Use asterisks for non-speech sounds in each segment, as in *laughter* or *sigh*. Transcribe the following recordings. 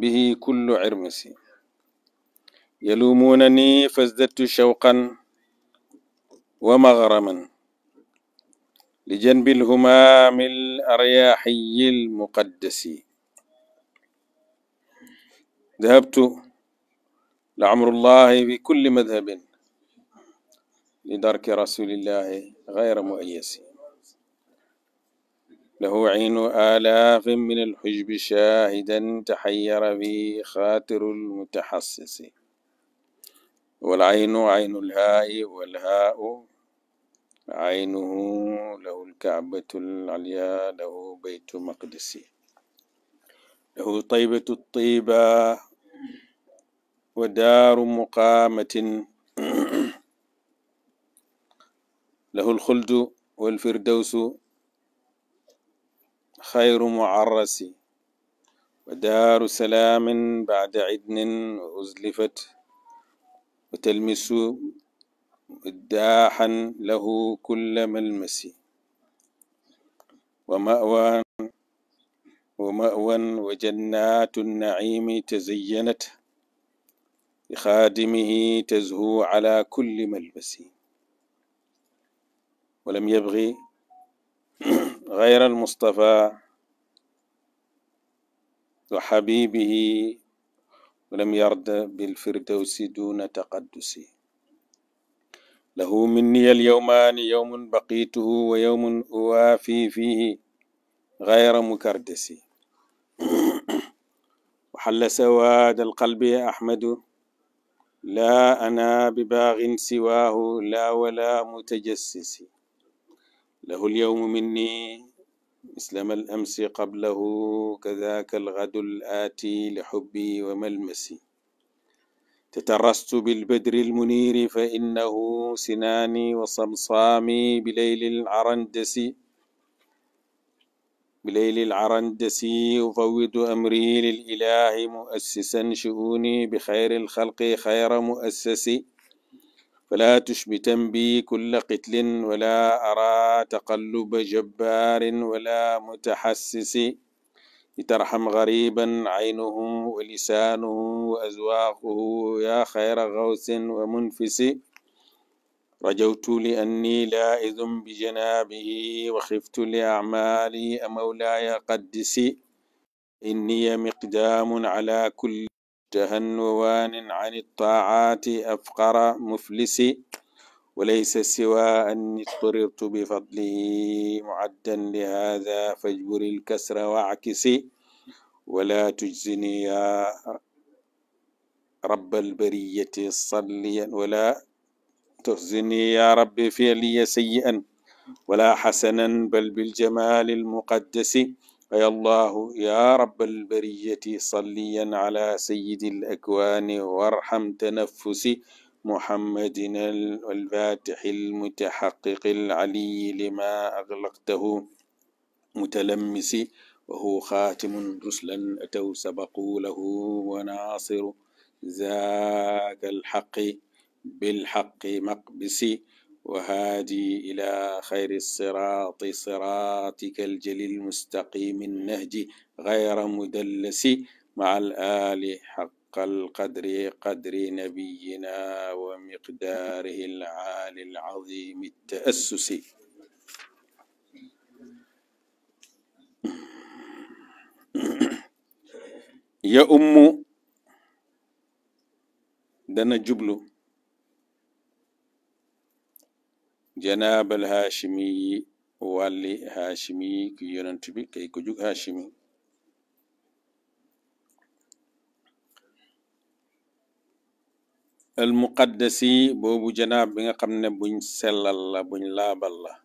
به كل عرمسي يلومونني فازددت شوقا ومغرما لجنب الهمام الأرياحي المقدس ذهبت لعمر الله بكل مذهب لدرك رسول الله غير مؤيس له عين آلاف من الحجب شاهدا تحير في خاطر المتحسس والعين عين الهاء والهاء عينه له الكعبة العليا له بيت مقدس له طيبة الطيبة ودار مقامة *clears throat* له الخلد والفردوس خير معرس ودار سلام بعد عدن وأزلفت وتلمس مداحا له كل ملمس ومأوى ومأوى وجنات النعيم تزينت لخادمه تزهو على كل ملبس ولم يبغ *clears throat* غير المصطفى وحبيبه ولم يرد بالفردوس دون تقدس له مني اليومان يوم بقيته ويوم أوافي فيه غير مكردس *clears throat* وحل سواد القلب يا أحمد لا أنا بباغ سواه لا ولا متجسس له اليوم مني مسلم الأمس قبله كذاك الغد الآتي لحبي وملمسي تترست بالبدر المنير فإنه سناني وصمصامي بليل العرندس بليل العرندس أفوض أمري للإله مؤسسا شؤوني بخير الخلق خير مؤسسي فلا تشمتن بي كل قتل ولا أرى تقلب جبار ولا متحسس لترحم غريبا عينه ولسانه وأزواقه يا خير غوث ومنفس رجوت لأني لائذ بجنابه وخفت لأعمالي أمولاي قدسي إني مقدام على كل تهنوان عن الطاعات أفقر مفلس وليس سوى أني اضطررت بفضله معدا لهذا فاجبر الكسر واعكس ولا تجزني يا رب البرية صليا ولا تخزني يا رب فعلي سيئا ولا حسنا بل بالجمال المقدس فيا الله يا رب البرية صليا على سيد الأكوان وارحم تنفس محمد الفاتح المتحقق العلي لما أغلقته متلمس وهو خاتم رسلا أتوا سبقوا له وناصر ذاك الحق بالحق مقبسي وهادي إلى خير الصراط صراطك الجليل المستقيم النهج غير مدلس مع الآل حق القدر قدر نبينا ومقداره العالي العظيم التأسس يا أم دنا جبلو جناب الهاشمي والي هاشمي كي ينتبه كي كجوك هاشمي المقدسي بوبو جناب بيغا قمنا بوين سل الله بوين لاب الله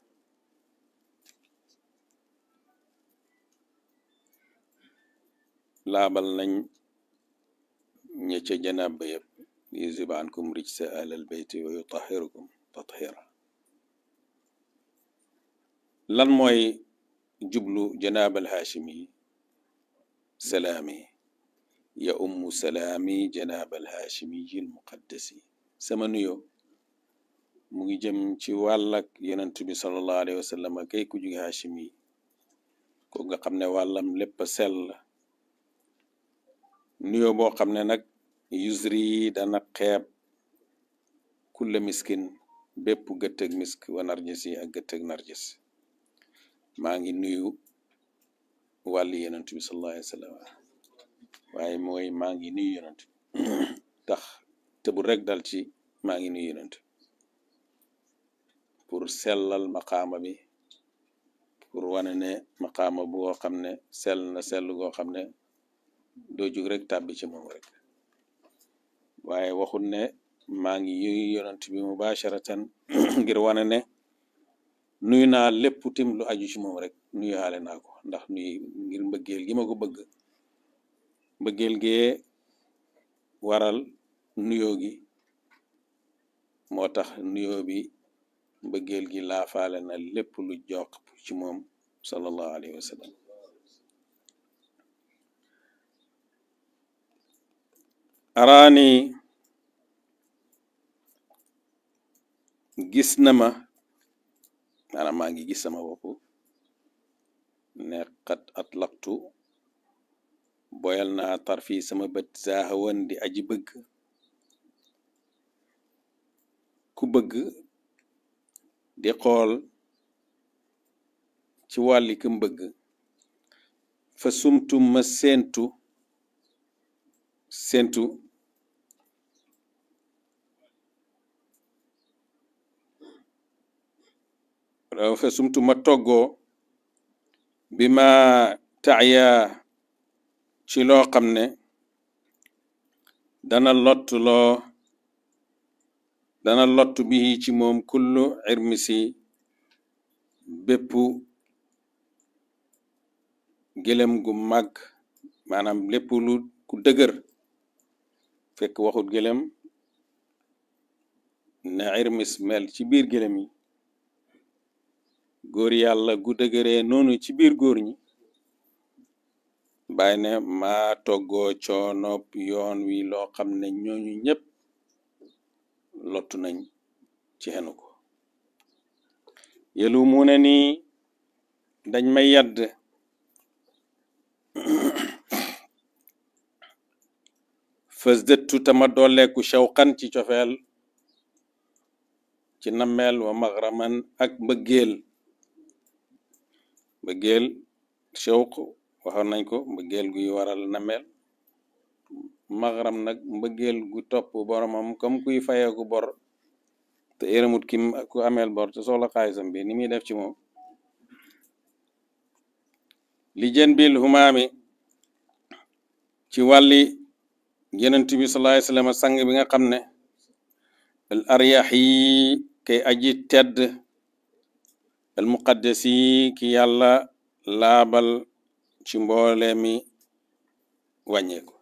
لابل نن نيچه جناب بيب يزبانكم رجس آل البيت ويطهركم تطهيرا lan mooy jublu janaabal haashimi salaami ya ummu salaami janaabal haashimi yil muqaddasi sama nuyo mu ngi jëm ci wàllak yonent bi sallallahu alayhi wa sallam kay ku jóge ko nga xam ne wàllam lépp sell nuyoo boo xam ne nag yusri dana xeeb kulla miskin bépp gëttëg misk wa narjis yi ak gëttëg maa ngi nuyu wàllu yonente bi sala alai sallam waaye mooy maa ngi nuyu yonente tax *coughs* te bu rek dal ci maa ngi nuyu yonente pour sellal maqaama bi pour wane ne maqaama bu goo xam ne sell na sell goo xam ne doo jug rek tàbbi ci moom rek waaye waxul ne maa ngi yuyu yonente bi mubacharatan *coughs* ngir wane ne nuyu naa lépp tim lu aju ci rek nuyuwaale naa ko ndax nuy ngir mbëggeel gi ma ko bëgg mbëggeel gee waral nuyoo gi moo tax nuyo bi mbëggeel gi laafaale na lépp lu jox ci moom sallallahu wa sallam araani gis na ma maanaam maa ngi gis sama bopp ne xat atlaqtu boyal naa tarfi sama bët zaahawan di aji bëgg ku bëgg di xool ci wàlli ku bëgg fa sumtu ma séentu sentu ɗo fesumtu mattoggo bima taaya ci loo xam ne dana lottu loo dana lottu bi ci moom kullu irmisi bépp gëlëm gu mag maanaam lépp lu ku dëgër fekk waxut gëlëm na irmis mel ci biir gëlëm gor yalla gudagere nonu ci bir gorñi bayne ma toggo coonob yoon wi loo xam ne ñooñu ñépp lottu nañ ci xenu ko yelu muune ni dañ may yadd *coughs* fës dëttu tama dooleeku chawqan ci cofeel ci nammeel wa maxraman ak mbëggeel mbëggeel shawq waxoon nañ ko mbëggeel guy waral nameel maxaram nag mbëggeel gu topp boromam comme kuy fayeeku bor te éramut ki ku ameel bor te soxla xaalisam bi ni muy def ci moom li jën bil humaami ci wàlli yenent bi salaay sallam sang bi nga xam ne al aryax yi aji tedd almuqaddasi ki yàlla laabal ci mboole mi wàññeeku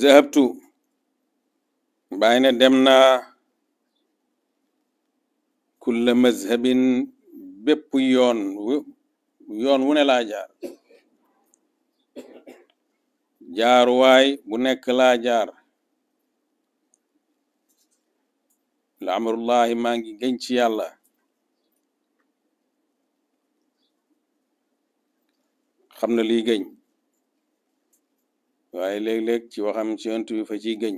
zahabtu bàyyi dem naa kulla mazhabin bépp yoon wu ne laa jaar jaar waay bu nekk laa jaar la amrullahi maa ngi gëñ ci yàlla xam na liy gëñ waaye léeg-léeg ci waxam ci yonent bi fa ciy gëñ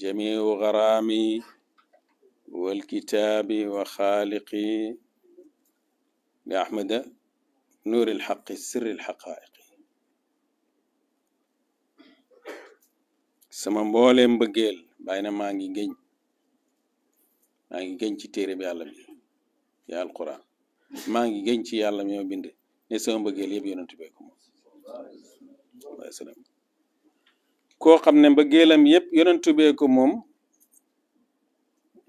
jamiu garaami wal kitaabi wa xaaliqi li ahmada nuuri lxaqi sirri lxaqaaiqi sama mbooleem mbëggeel bàyyi na maa ngi gëñ maa ngi gën ci téere bi yàlla bi maa ngi gën ci yàlla mi ma bind ne sama mbëggeel yëpp yonent bee moom wa salaam koo xam ne mbëggeelam yëpp yonent bee ko moom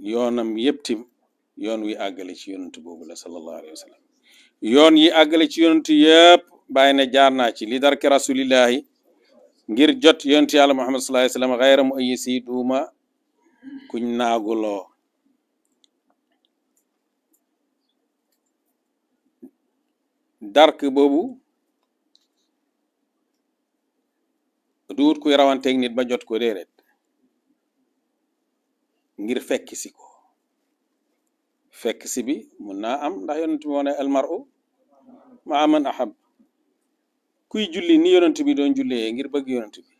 yoonam yëpp tim wi àggale ci yonent boobu la yi àggale ci yonent yëpp bàyyi ne jaar naa ci li darke rasulillahi ngir jot yonent yàlla muhammad sallallahu alayhi xayra mu duuma kuñ naaguloo dark bobu dur kuy rawante nit ba jot ko ngir fekk ci ko fekk ci bi mun naa am ndax yonent bi moo al mar'u ma aman ahab kuy julli ni yonent bi don julle ngir bëgg yonent bi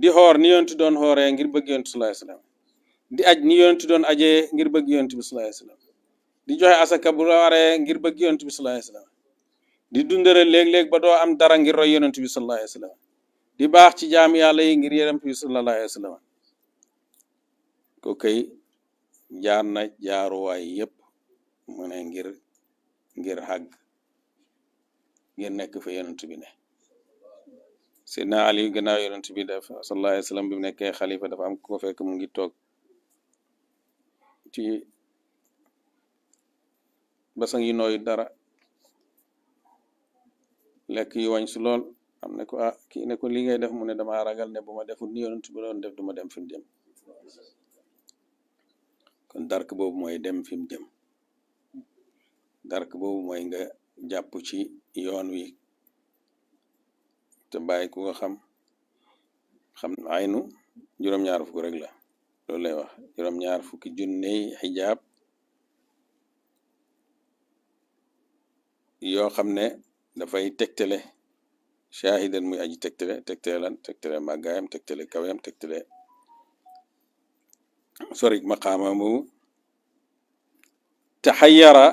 di hor ni yonent don xooree ngir bëgg yonent sallallahu alayhi wasallam di aj ni yonent don ajee ngir bëgg yonent bi sallallahu alayhi wasallam di joxe asaka bu la waree ngir bëgg yonent bi sallallahu alayhi di dundale léeg-léeg ba doo am dara ngir roy bi sallallahu alayhi di baax ci jaam yàlla yi ngir yonent bi sallallahu alayhi ko kay jaar na jaaruwaay yépp mu ngir ngir xàgg ngir nekk fa yonent bi ne Seydina Ali gannaaw yonent bi dafa sallallahu alayhi wasallam bi mu nekkee xalifa dafa am ko fekk mu ngi toog ci basang yi nooyu dara lekk yi wañ su lool am ne ko ah kii ne ko li ngay def mu ne dama ragal ne bu ma deful ni yonent bi doon def duma dem fi mu jëm kon dark boobu mooy dem fi mu jëm dark boobu mooy nga jàpp ci yoon wi te bàyyi ku nga xam xam aynu juróom-ñaar fukk rek la loolu lay wax juróom-ñaar fukki junney xijaab yo xamne da fay tektele shahidan muy aji tektele tektele lan tektele magayam tektele kaweyam tektele sorry maqamamu tahayyara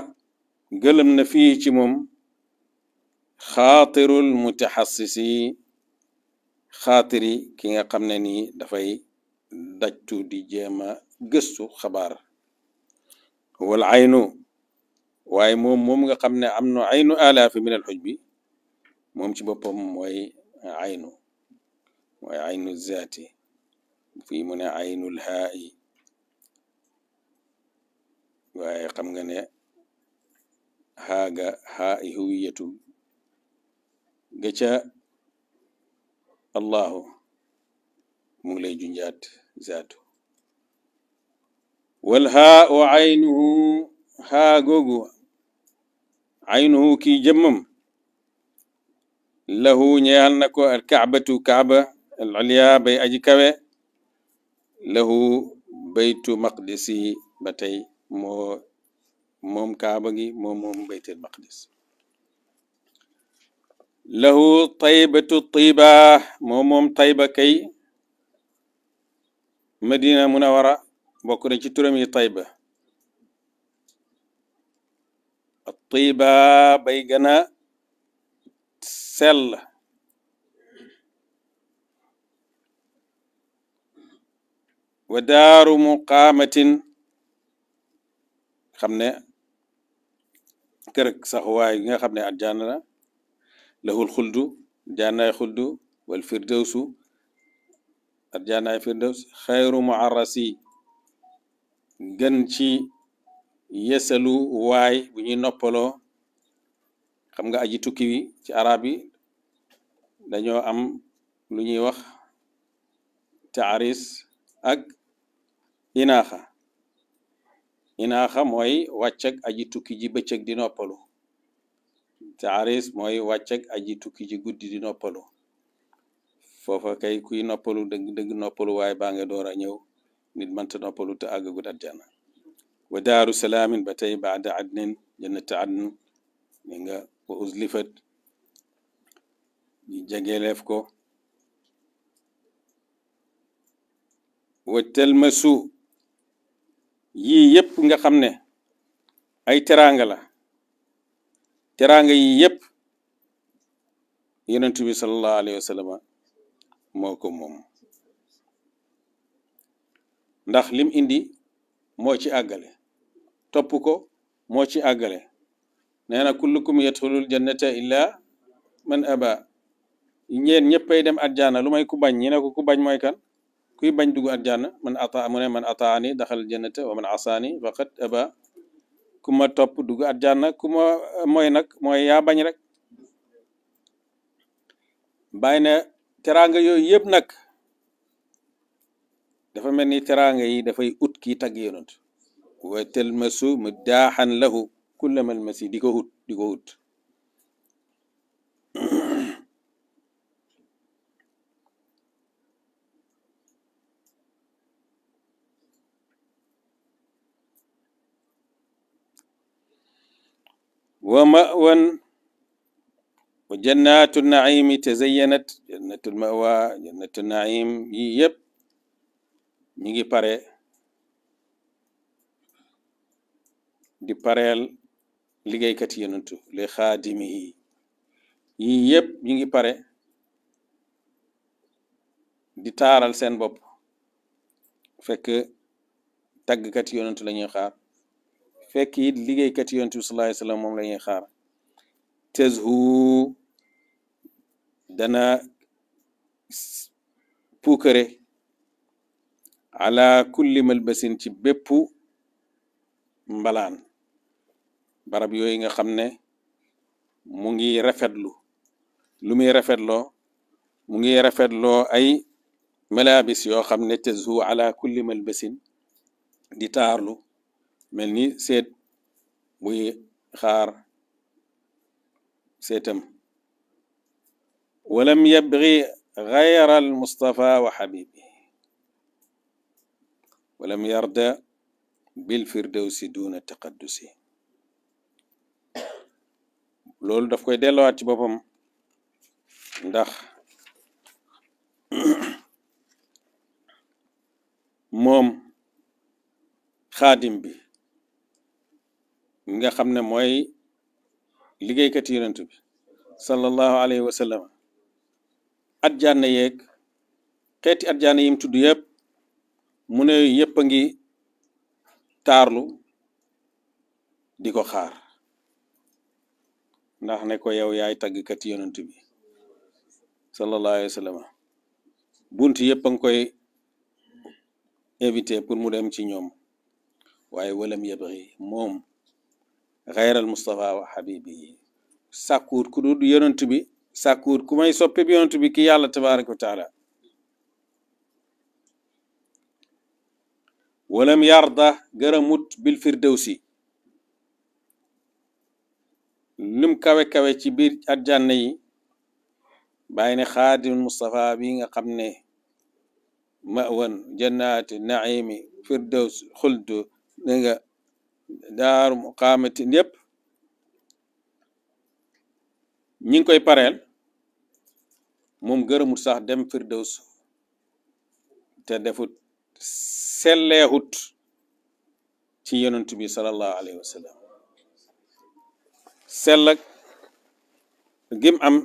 gëlëm na fi ci mom khatirul mutahassisi khatiri ki nga xamne ni da fay dajtu di jema gëstu xabar wal aynu waaye moom moom nga xam ne am na aynu alaafi min al xujbi moom ci boppam mooy aynu mooy aynu zaati fii mu ne aynul haa'i waaye xam nga ne xaaga xaa'i huwiyatul ga ca allahu mu ngi lay junjaat zaatu wal haa wa aynuhu haa googu aynuhu kii jëmmam lahu ñeyal na ko al kaabatu kaaba al aliya bay aji kawe lahu baytu maqdisi ba tey moo moom kaaba gi moom moom baytul maqdis lahu taybatu tiba moom moom tayba kay madina munawara bokk na ci turam yi tayba طيبة بيجنا سل ودار مقامة خمنا كرك سخواي خمنا الجنة له الخلد جنة الخلد والفردوس الجنة فردوس خير معرسي جنشي yeesalu waay bu ñuy noppaloo xam nga aji tukki ci arab yi dañoo am lu ñuy wax taaris ak inaaxa inaaxa mooy wàccak aji tukki ji bëccëg di noppalu taaris mooy wàccak aji tukki ji guddi di noppalu foofa kay kuy noppalu dëgg dëgg noppalu waaye baa nga door a ñëw nit mënta noppalu te àggagut àjjana wa daaru salaamin ba tey baada adnin jannata adn li wa uzlifat ñu jegeleef ko wa telmasu yii yëpp nga xam ne ay teraanga la teraanga yii yëpp yonent bi sallallahu alayhi wa sallam moo ko ndax lim indi moo ci àggale topuko ko moo ci àggale nee kullukum yadkhulul jannata illa man aba ñeen ñeppay dem aljana lu may ku bañ ñi kui ko ku bañ moy kan kuy bañ aljana man ata mu man ataani dakhal jannata wa man asani, faqat aba kuma top topp aljana kuma moy nak moy ya bañ rek bayna teranga yoy yeb nak dafa melni teranga yi da fay ut ki tag yonent وتلمسوا مداحا له كل ما المسي هود ديكو ومأوى وجنات النعيم تزينت جنة المأوى جنة النعيم يب نيجي باري di pareel liggéeykat yonentu li xaadimi yi yii yëpp ñu ngi pare di taaral seen bopp fekk taggkat yonentu la ñuy xaar fekk it liggéeykat yonentu bi sallallahu alayhi moom la ñuy xaar tezhu dana puukare ala kulli malbasin ci béppu mbalaan barab yooyu nga xam ne mu ngi rafetlu lu muy rafetloo mu ngi rafetloo ay malabis yoo xam ne tazhu ala kulli malbasin di taarlu mel ni seet buy xaar seetam walam yabgi غير almustafa wa ولم walam yarda دون تقدسه loolu daf koy delluwaat ci boppam ndax moom xaadim bi nga xam ne mooy liggéeykat yonent bi sallallahu alayhi wa sallam ajjana yeeg xeeti ajjana yim tudd yëpp mu ne yëpp a ngi taarlu di ko xaar ndax ne ko yow yaay taggkat yonent bi sallallahu alayhi wa bunt yëpp a ngi koy éviter pour mu dem ci ñoom waaye walam yabri moom xayral Mustafa wa habibi sàkkuut ku dul yonent bi sàkkuut ku may soppe bi yonent bi ki yàlla tabaraka wa taala walam yarda gërëmut bil firdawsi lum kawe-kawe ci biir àjjana yi bàyyi ne xaadim Mustafa bi nga xam ne mawan jannaati naimi firdaws xuldu da nga daaru muqaamati yépp ñi ngi koy pareel moom gërëmut sax dem firdaws te defut selleexut ci yonent bi sallallahu alayhi wa sell ak gim am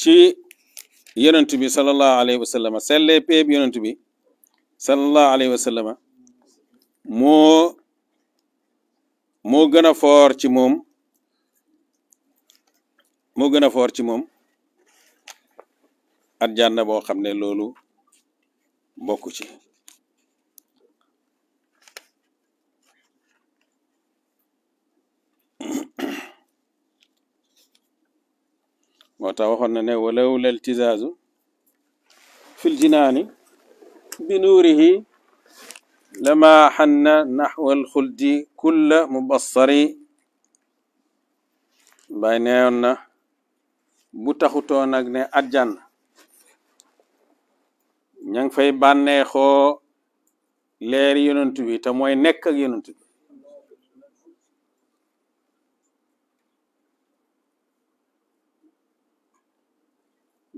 ci yonent bi sallallahu alayhi wa sallama sellee péeb yonent bi sallallahu alayhi wa sallama moo moo gën a foor ci moom moo gën a foor ci moom at jànna boo xam ne loolu bokku ci moo tax waxoon na ne walaw lal tisaasu fil jinaani bi nuurihi lama xanna naxwal xuldi kulla mubassari bay neewoon na bu taxutoo nag ne ajjan ña ngi fay bànneexoo leeri yonent bi te mooy nekk ak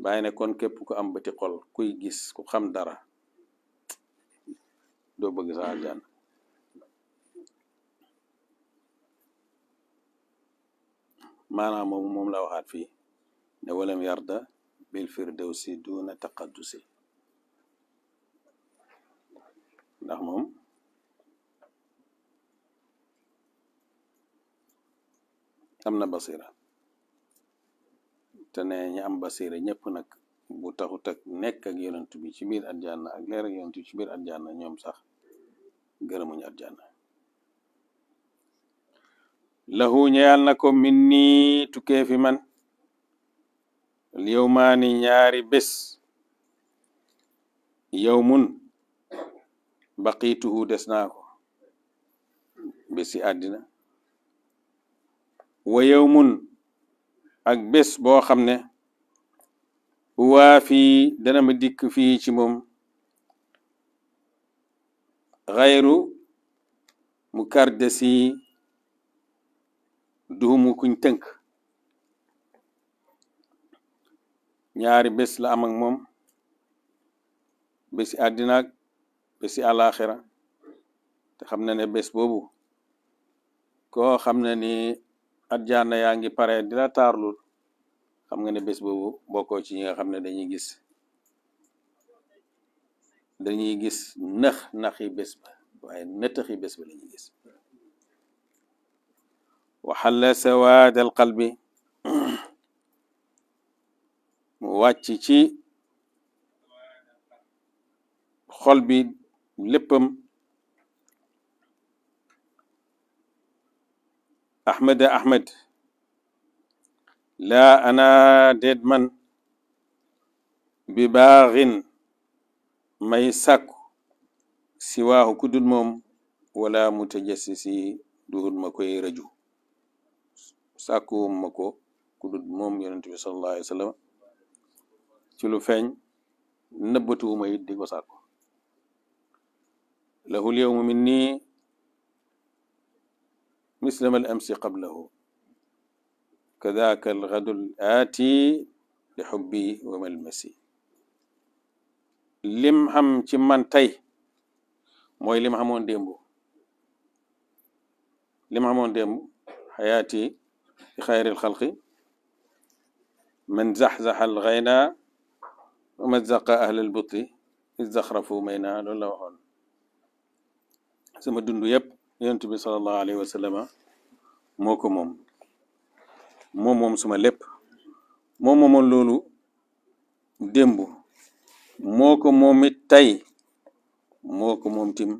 bàyyi ne kon képp ku am bëti xol kuy gis ku xam dara doo bëgg sa aljana maanaam moomu moom la waxaat fii ne walam yarda bil firdawsi duuna taqaddusi ndax moom am na basira te ne ñi am basira ñëpp nag bu taxut ak nekk ak yonent tubi ci biir aljanna ak leer ak yonent ci biir aljanna ñoom sax gërëmuñu aljanna lahu ñeyal na ko min nii tukkee fi man yowmaani ñaari bés yow mun baqiituhu des naa ko bési àddina wa yow ak bés boo xam ne waa fii dana ma dikk fii ci moom xayru mu karde si duumu kuñ tënk ñaari bés la am ak moom bési àddina ak bési àlaaxira te xam na ne bés boobu koo xam ne ajjana yaa ngi pare dina la taarlul xam nga ne bés boobu bokkoo ci ñi nga xam ne dañuy gis dañuy gis nax naxi bés ba waaye nëttaxi bés ba lañuy gis waxalla sawaad al qalbi mu wàcc ci xol bi léppam ahmada ahmed laa ana déet man bi baaxin may sàkku si waaxu ku dul moom wala mu tajassi ma koy rëju sàkkuwum ma ko ku dul moom yonent bi sallallahu alayhi wa sallam ci lu feeñ nëbbatuwuma it di ko lahul yawmu min nii مثل ما الأمس قبله كذاك الغد الآتي لحبي وملمسي لم هم تمن تي موي لم همون ديمبو لم همون ديمبو حياتي لخير الخلق من زحزح الغينا ومزق أهل البطي الزخرف مينا لولا وهون سما دندو يب yonent bi sallallahu alayhi wa moo ko moom moo moom suma lépp moo moomoon loolu démb moo ko moom it tey moo ko moom tim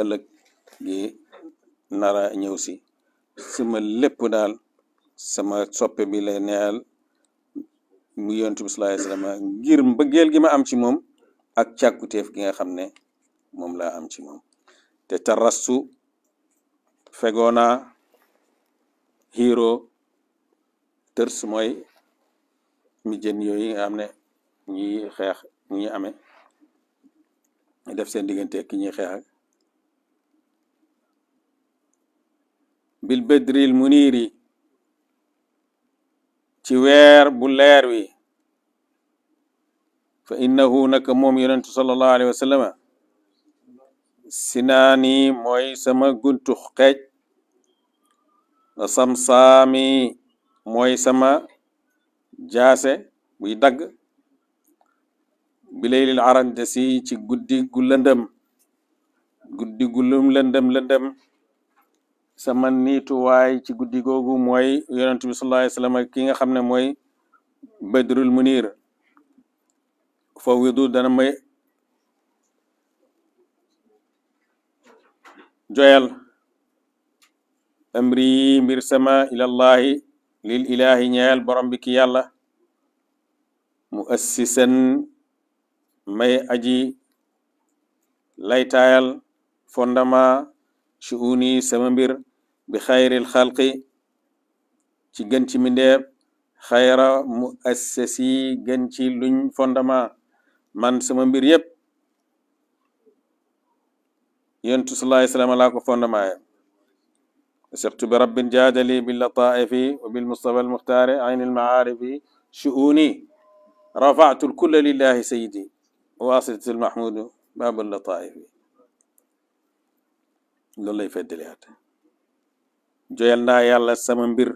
ëllëg gi nara ñëw si suma lépp daal sama soppe bi lay neyal mu yonent bi alayhi wa ngir mbëggeel gi ma am ci moom ak càkkutéef gi nga xam ne moom laa am ci moom te tarastu fegona hero tërs mooy mi jën yooyu nga xam ne ñi xeex ñi amee def seen diggante ki ñuy xeex ak bil bedril muniri ci weer bu leer wi fa innahu naka moom yonentu sallallahu alayhi wa sallama sinaani mooy sama guntu xeej samsaami mooy sama jaase buy dagg bi laylil arandesi ci guddi gu lëndëm guddi gu lëndëm lëndëm sama niituwaay ci guddi googu mooy yonent bi sallallahu alayhi wasallam ki nga xam ne mooy badrul munir fawidu dana may joyal amri mbir sama ilallahi lil ilahi ñeel borom ki yàlla mu assisan may aji laytaayal fondement shuuni sama mbir bi xayril xalqi ci gën ci mindeeb xayra mu assasi gën luñ fondement man sama mbir yépp yontu sallallahu alayhi wa sallam laa وثقت برب جاد لي باللطائف وبالمصطفى المختار عين المعارف شؤوني رفعت الكل لله سيدي واصلة المحمود باب اللطائف الله يفضل هذا جويلنا يا الله السمنبر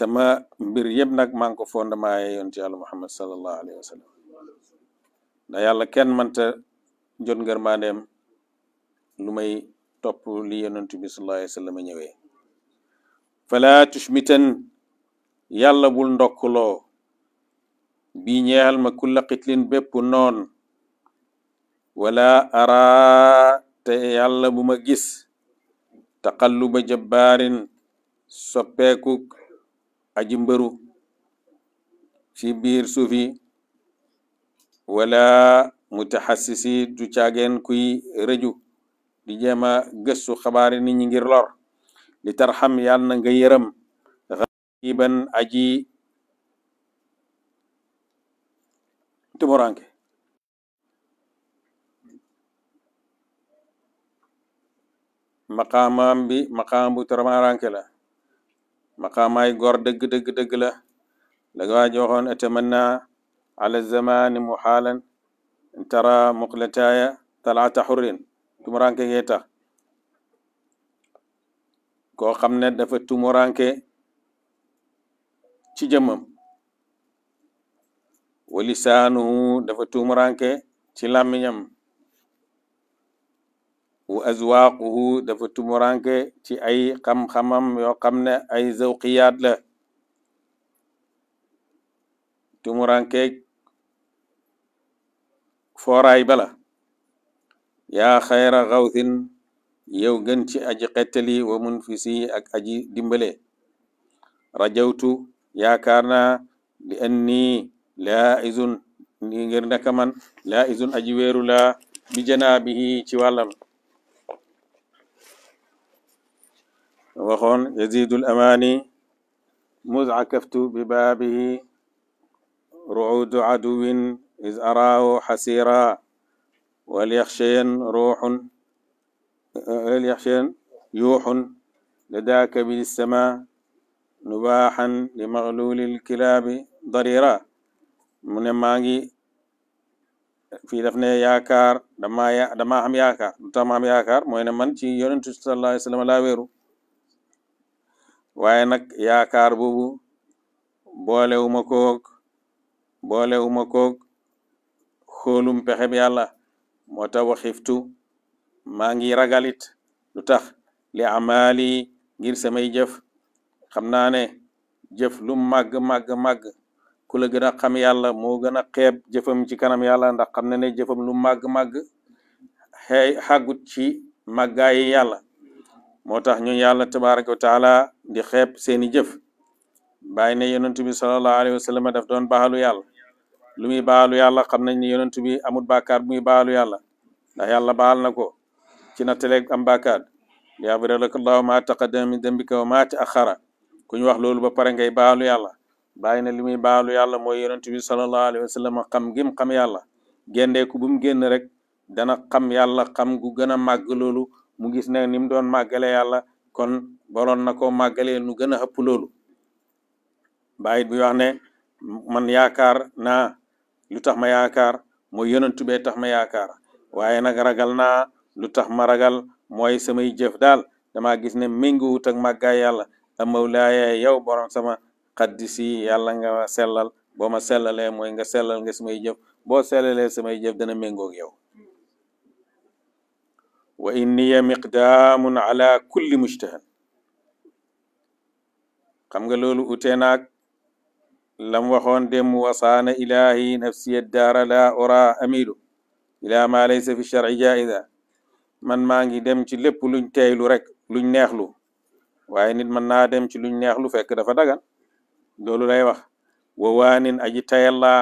سما بير يبنك مانكو فوند ما يونت يا محمد صلى الله عليه وسلم دا يالا كين مانتا جون غير ما نيم لوماي top li yonent bi sallallahu alayhi wasallam ñewé fala tushmitan yalla bul ndokkuloo bi ñeal ma kul qitlin bepp non wala ara te yalla buma gis taqalluba jabbaarin soppeku aji mbëru ci bir sufi, wala mutahassisi du tiagen kuy rëju di jéem a gëstu xabaari nit ñi ngir lor nga yërëm xiiban aji tumuranke maqaamaam bi maqaam bu tumuranke la maqaamaay gor dëgg dëgg dëgg la la nga waa joxoon atamanna ala zamani muxaalan tara muqlataaya talaata xurin tumuranke gee tax koo xam ne dafa tumuranke ci jëmmam wa lisaanuhu dafa tumuranke ci làmmiñam wa azwaaquhu dafa tumuranke ci ay xam-xamam yoo xam ne ay zawqiyaat la tumuranke fooraay bala يا خير غوث يو جنتي أجي قتلي ومنفسي أك أجي دمبلي رجوت يا كارنا لأني لا إذن نيغرنا كمان لا إذن أجي ويرو لا بجنابه تيوالم وخون يزيد الأماني مذ ببابه رعود عدو إذ أراه حسيرا وليخشين روح وليخشين يوح لداك من السماء نباحا لمغلول الكلاب ضريرا من ماجي في دفن ياكار دما دما ياكار دما هم ياكار موين من تي يونت صلى الله عليه وسلم لا ويرو waye nak yaakar bubu bolewuma kok bolewuma kok xolum pexem yalla moo tax waxiftu maa ngi ragalit lu tax li amaali ngir samay jëf xam naa ne jëf lu màgg màgg màgg ku la gën a xam yàlla moo gën a xeeb jëfam ci kanam yàlla ndax xam na ne jëfam lu màgg màgg xëy xàggut ci yi yàlla moo tax ñun yàlla tabaraka wa taala di xeeb seeni jëf bàyyi ne yonent bi sallallahu alayhi wa sallam daf doon baaxalu yàlla lu muy baalu yàlla xam nañ ne yonent bi amut bàkkaar bu muy baalu yàlla ndax yàlla baal na ko ci na teleeg am bàkkaar yaghfira laka llaahu maa taqaddama min dambika wa maa ta'axxara ku ñu wax loolu ba pare ngay baalu yàlla bàyyi na li muy baalu yàlla mooy yonent bi sallallahu alayhi wa sallam xam gim xam yàlla géndeeku bu mu génn rek dana xam yàlla xam gu gën a màgg loolu mu gis ne ni mu doon màggale yàlla kon boroon na koo màggalee nu gën a ëpp loolu bàyyi bi wax ne man yaakaar naa lu tax ma yaakaar mooy yonentu tube tax ma yaakaar waaye nag ragal naa lu tax ma ragal mooy samay jëf daal dama gis ne méngoowut ak màggaay yàlla amawlaaya yow borom sama xaddisi yàlla nga sellal boo ma sellalee mooy nga sellal nga samay jëf boo sellalee samay jëf dana méngoog yow wa inniya miqdaamun ala kulli mujtahad xam nga loolu utee لم وخون دم وصان إلهي نفسي الدار لا أرى أميل إلى ما ليس في الشرع جائزا من ما ngi dem ci lépp luñ teylu rek luñ neexlu waaye nit mën naa dem ci luñ neexlu fekk dafa dagan loolu lay wax wa waanin aji tayalla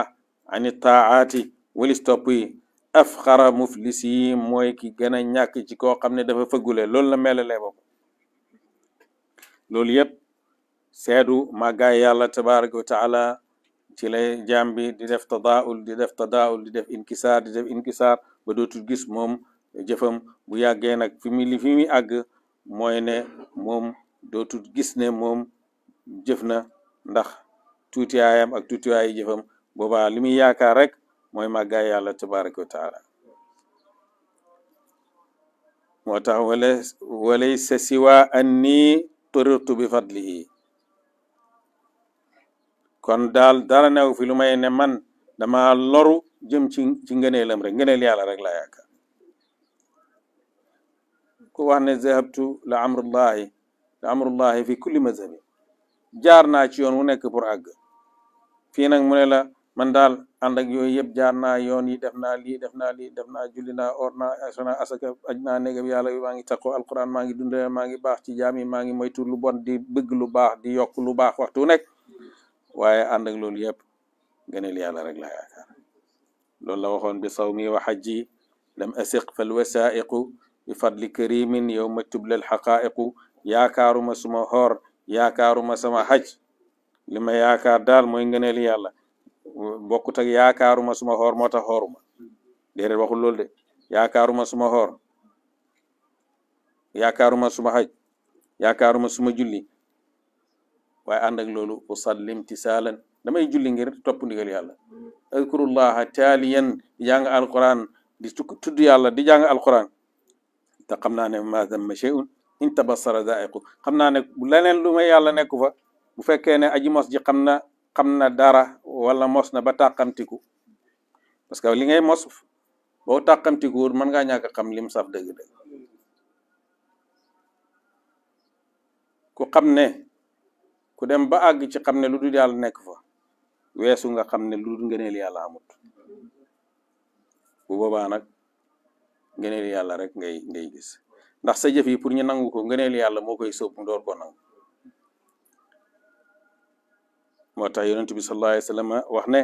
ani taaati walis topp yi afxara muflisi mooy ki gën a ñàkk ci koo xam ne dafa fëggule loolu la melalee bopp loolu yëpp seedu ma gaye yallah tabaraka wa taala tila jambi di def tadaul di def tadaul di def inkisar di def inkisar ba dootul gis moom jëfam bu yàggee nag fi mi li fi muy àgg mooy ne moom dootul gis ne moom jëf na ndax tuutiwaayam ak tuutiwaayi jëfam boobaa li muy yaakaar rek mooy ma gaye yàlla tabaraka wa taala moo tax wala wala sesiwa an nii tëratu bi fadlihi kon daal dara new fi lu may ne man dama loru jëm ci ci ngëneelam rek ngëneel yàlla rek laa yaakaar ku wax ne zahabtu la amrullahi la amrullahi fi kulli mazhabi jaar naa ci yoon wu nekk pour agg fii nag mu ne la man daal ànd ak yooyu yëpp jaar naa yoon yi def na lii def naa li def naa julli naa or na aso naa asaka aj naa néegam yàlla bi maa ngi taqoo alquran maa ngi dundale maa ngi baax ci jaam yi maa ngi moytu lu bon di bëgg lu baax di yokk lu baax waxtu nekk waaye ànd ak loolu yëpp gënal yàlla rek laa yaakaar loolu la waxoon bi sawmi wa xajji lam asiq fal wasaiqu bi fadli karimin yow ma tublal xaqaiqu yaakaaruma suma xoor yaakaaruma sama xaj li ma yaakaar daal mooy ngëneel yàlla bokkut ak yaakaaruma suma xoor moo tax xooruma déedéet waxul loolu de yaakaaruma suma xoor yaakaaruma suma xaj ma suma julli waye and ak loolu usalli tisalan damay julli ngir top ndigal yalla azkurullaha taliyan jang alquran di tuddu yalla di jang alquran ta xamna ne ma zamma shay'un in tabassara zaiqu xam naa ne leneen lu may yàlla nekku fa bu fekke ne aji mos ji xamna xamna dara wala mos na ba tàqamtiku parce que li ngay mos bo tàqamtikuwul man nga ñaka xam lim saf deug deug ku xamne ku dem ba àgg ci xam ne lu dul yàlla nekk fa weesu nga xam ne lu dul ngëneel yàlla amut bu boobaa nag ngëneel yàlla rek ngay ngay gis ndax sa jëf yi pour ñu nangu ko ngëneel yàlla moo koy sóob mu door koo nangu moo tax yonent bi sallallahu wax ne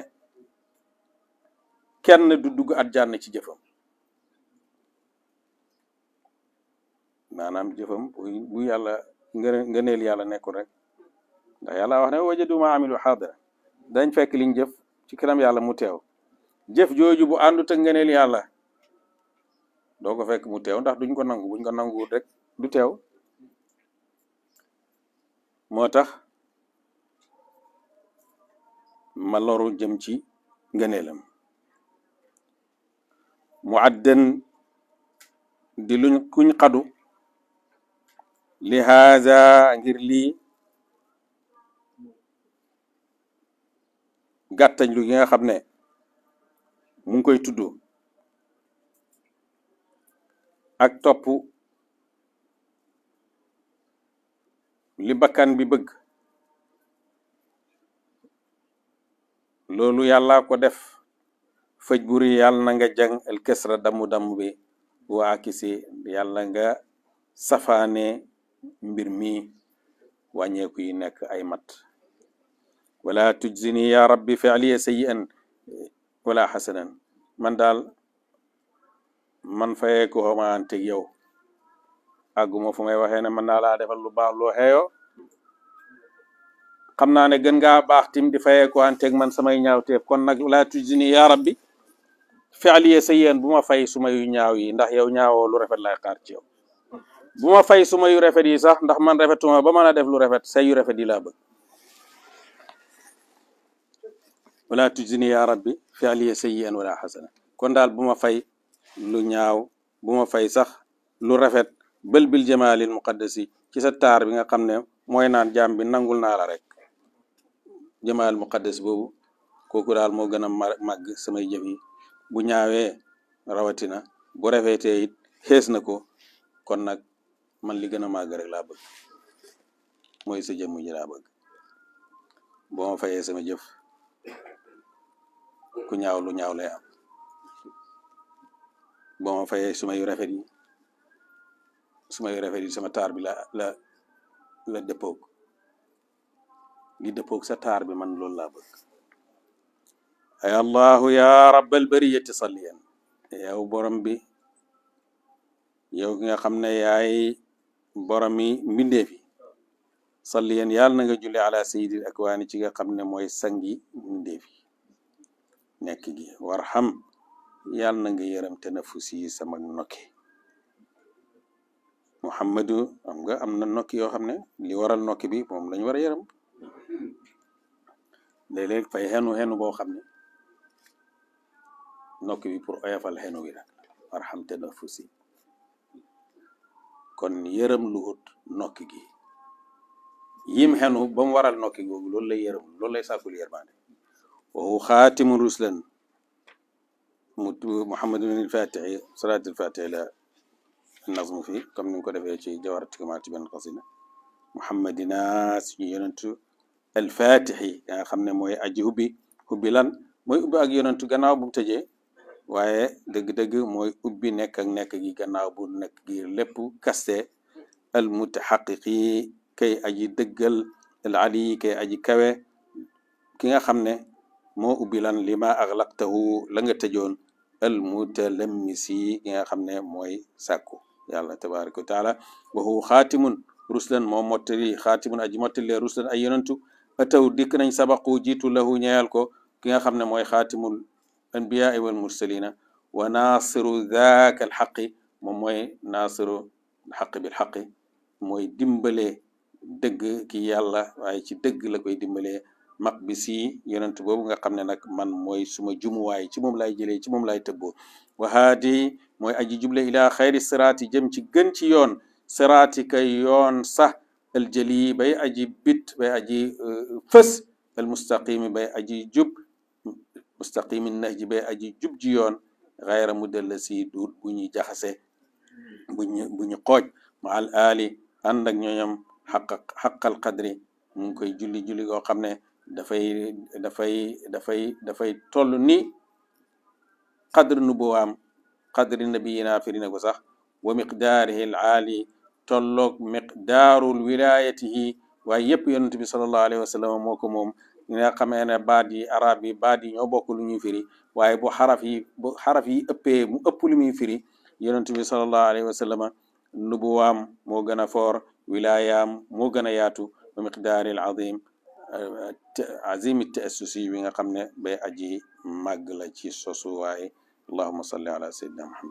kenn du dugg àjjana ci jëfam maanaam jëfam bu yàlla ngëneel yàlla nekkul rek ndax yàlla wax ne wajadu ma amilu xaadira dañ fekk liñ jëf ci kanam yàlla mu teew jëf jooju bu àndut ak ngeneel yàlla doo ko fekk mu teew ndax duñ ko nangu buñ ko nanguwul rek du teew moo tax ma loru jëm ci ngëneelam mu addan di luñ kuñ xadu li ngir lii gattañ lu nga xam mu ngi koy tuddu ak top li bakkan bi bëgg lolu yalla ko def fëj buri yalla nga jang el kesra damu damu bi wa kisi yalla nga Safane, mbir mi wàññeeku yi nek ay mat ولا تجزني يا ربي فعلي سيئا ولا حسنا من دال من فيك هما انت يو اغوما فمي وخينا من لا ديفال لو باخ لو هيو خمنا ني گنگا باخ تيم دي فيك انت من سماي نياوتيف كون نك لا تجزني يا ربي فعلي سيئا بما فاي سما يو نياو يي نده يو نياو لو رافت لاي خار تي بما فاي سما يو رافت يي صاح نده من رافتوما بما لا ديف لو رافت سي يو دي لا بك wala tujzini ya rabbi fi aliya sayyi'an wala xasana kon daal bu ma fay lu ñaaw bu ma fay sax lu rafet bël bil jamaalil muqaddasi ci sa taar bi nga xam ne mooy naan jaam bi nangul naa la rek jamaalil muqaddas boobu kooku daal moo gën a màgg samay jëf bu ñaawee rawatina bu rafetee xees na ko kon nag man li gën a màgg rek laa bëgg mooy sa jëmm ji bëgg boo ma fayee sama jëf ku ñaaw lu ñaaw lay am boo fayee suma yu rafet yi suma yu rafet yi sama taar bi la la la dëppoog li dëppoog sa taar bi man loolu laa bëgg ay allahu ya rabbal bariyati salliyan yow borom bi yow ki nga xam ne yaay boromi mbindeef yi salliyan yàlla na nga julli ala sayyidil akwaani ci nga xam ne mooy sangi mbindeef yi nekk gi war xam yàlla na nga yëram tenafus yi sama nokki muhammadu am nga am na nokki yoo xam ne li waral nokki bi moom lañ war a yëram léeg-léeg fay xenu xenu boo xam ne nokki bi pour oyafal xenu wi la war xam tenafus yi kon yërëm lu ut nokki gi yim xenu ba mu waral nokki googu loolu lay yërëm loolu lay sàkkul yërmaande وهو خاتم الرسل محمد بن الفاتح صلاة الفاتح لا النظم فيه كم نقول في شيء جوار تكمات بين القصيدة محمد ناس يونتو الفاتح يعني خمنا موي أجي هبي موي أبي أجي يونتو غناو بمتجي waaye dëgg-dëgg mooy ubbi nekk ak nekk gi gannaaw bu nekk gi lépp kaste al mutaxaqiqi kay aji dëggal al ali kay aji kawe ki nga moo ubbi lan li ma axlaqtahu la nga tëjoon al mutalamisi gi nga xam ne mooy sàkku yàlla tabaraka wa taala wa huwa xaatimun ruslan moo mottali xaatimun aji mottali ruslan ay yonantu ataw dikk nañ sabaqu jiitu lahu ñeyal ko ki nga xam ne mooy xaatimul anbiyaai wal mursalina wa naasiru daaka alxaqi moom mooy naasiru xaqi bil xaqi mooy dimbale dëgg ki yàlla waaye ci dëgg la koy dimbalee mab bi si yonent boobu nga xam ne nag man mooy suma jumuwaay ci moom laay jëlee ci moom lay laay tëbboo wahaadi mooy aji juble ilaa xayri siraati jëm ci gën ci yoon siraati kay yoon sax aljëli bay aji bit bay aji euh, fës almustaqimi bay aji jub mustaqimi bay aji jub ji yoon xayra mu della si duut bu ñuy jaxase buñu bu ma al ali ànd ak ñooñam xaq xaqal qadri mu ngi koy julli julli goo xam ne dafay dafay dafay dafay toll ni qadre nubuwaam qadre nabiyina firina ko sax wa miqdaarihi al aali tolloog miqdaarul wilayatihi waaye yëpp yonent bi sallallahu alayhi wa sallam moo ko moom nga xamee ne baat yi arab baat yi bokk lu ñuy firi waaye bu xaraf yi bu xaraf yi ëppee mu ëpp lu muy firi yonent bi sallallahu alayhi wa sallam nubuwaam moo gën a foor wilaayaam moo gën a yaatu wa miqdaaril azim tesu si wi nga xam ne bay aji màgg la ci sosuwaay allahuma salli ala sayidina muhammad